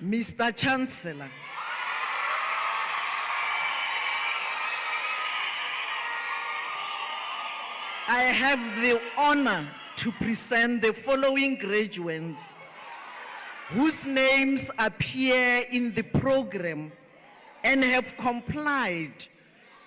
Mr. Chancellor, I have the honor to present the following graduates whose names appear in the program and have complied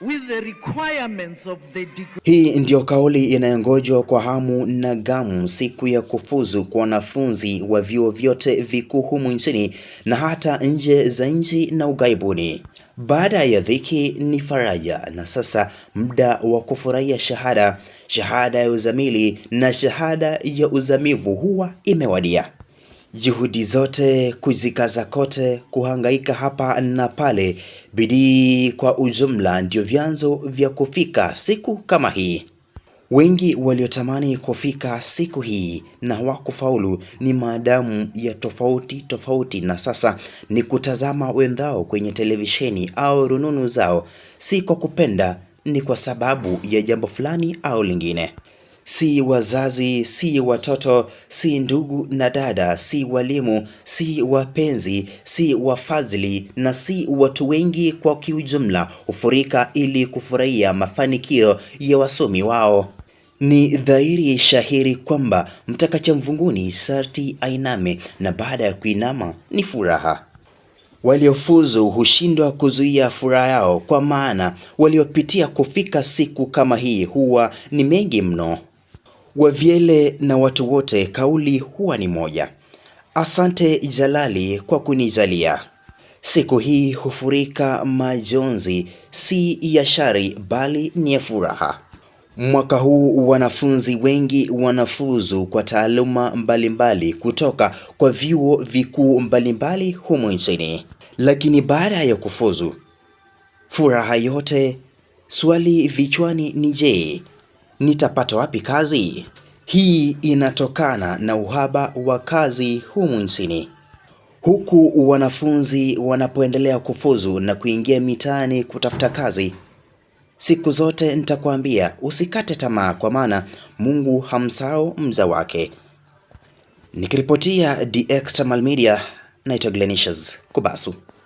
With the requirements of the degree. Hii ndiyo kauli inayongojwa kwa hamu na gamu siku ya kufuzu kwa wanafunzi wa vyuo vyote vikuu humu nchini na hata nje za nchi na ughaibuni. Baada ya dhiki ni faraja, na sasa muda wa kufurahia shahada, shahada ya uzamili na shahada ya uzamivu huwa imewadia. Juhudi zote, kuzikaza kote, kuhangaika hapa na pale, bidii kwa ujumla ndio vyanzo vya kufika siku kama hii. Wengi waliotamani kufika siku hii na hawakufaulu ni maadamu ya tofauti tofauti, na sasa ni kutazama wenzao kwenye televisheni au rununu zao, si kwa kupenda, ni kwa sababu ya jambo fulani au lingine si wazazi, si watoto, si ndugu na dada, si walimu, si wapenzi, si wafadhili na si watu wengi kwa kiujumla hufurika ili kufurahia mafanikio ya wasomi wao. Ni dhahiri shahiri kwamba mtakacha mvunguni sharti ainame, na baada ya kuinama ni furaha. Waliofuzu hushindwa kuzuia furaha yao, kwa maana waliopitia kufika siku kama hii huwa ni mengi mno. Wavyele na watu wote kauli huwa ni moja. Asante Jalali kwa kunijalia. Siku hii hufurika majonzi, si ya shari bali ni ya furaha. Mwaka huu wanafunzi wengi wanafuzu kwa taaluma mbalimbali kutoka kwa vyuo vikuu mbalimbali humu nchini. Lakini baada ya kufuzu, furaha yote, swali vichwani ni je, nitapata wapi kazi? Hii inatokana na uhaba wa kazi humu nchini. Huku wanafunzi wanapoendelea kufuzu na kuingia mitaani kutafuta kazi, siku zote nitakwambia usikate tamaa, kwa maana Mungu hamsahau mja wake. Nikiripotia The Extremal Media, naitwa Glenishes Kubasu.